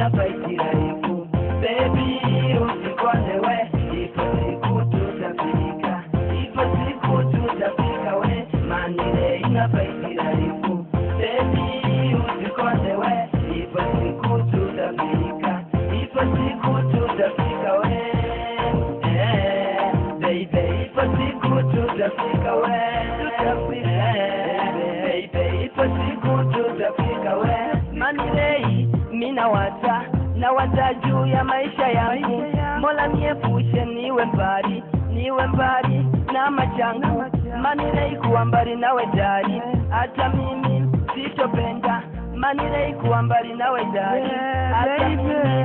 Tutafika we, tutafika, baby, ipo siku tutafika we na nawata juu ya maisha yangu, Mola niepushe, niwe mbali, niwe mbali na machangu, manilei kuwa mbali nawe dali, hata mimi sitopenda, manilei kuwa mbali nawe dali, hata mimi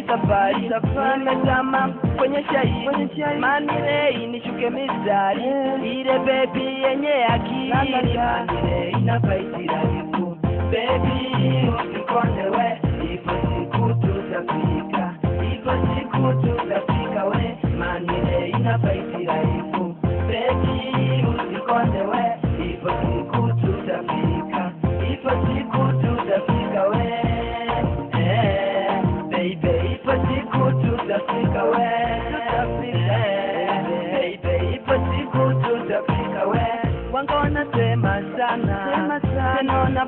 ni safari, safari nimezama kwenye shai manirei nishuke mizari eh. ile bebi yenye akili manirei na faitira iku bebi usikondewe ipo siku tutasii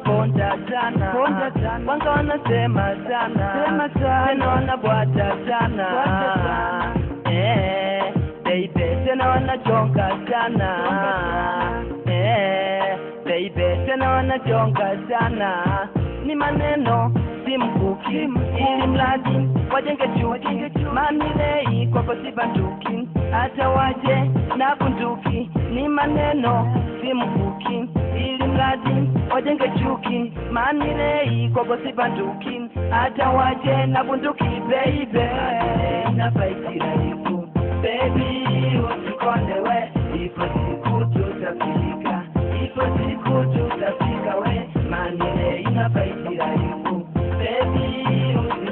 bonja jana bonja jana kwanza wanasema sana sema sana tena wanabwata sana eh baby tena wanachonga sana eh baby tena wanachonga sana ni maneno simkuki ili mradi wajenge chuki mamilei kwako sibanduki hata waje na bunduki ni maneno simkuki ili mradi wajenge chuki mamilei kwako sibanduki hata waje na bunduki beibe na baitira yuku baby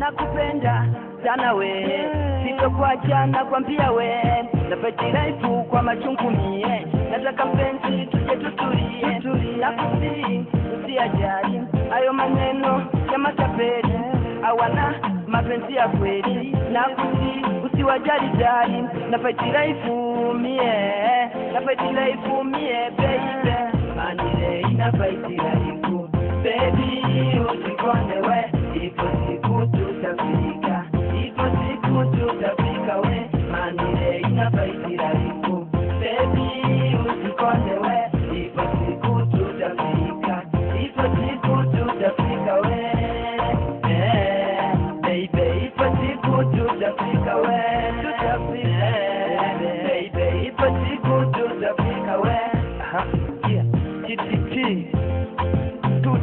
nakupenda sana we sitokuacha na kwambia we napetirahifu kwa machungu mie nataka mpenzi tuje tutulie nakusii usiajali hayo maneno ya matapeli hawana mapenzi ya kweli nakusii usiwajali jali napetirahifu mie napetirahifu mie beibe manile inapetirahifu bebi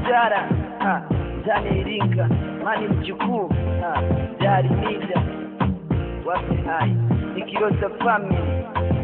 Jara ha Jani mani mjukuu ha Jari Ninja wapi hai goes the family.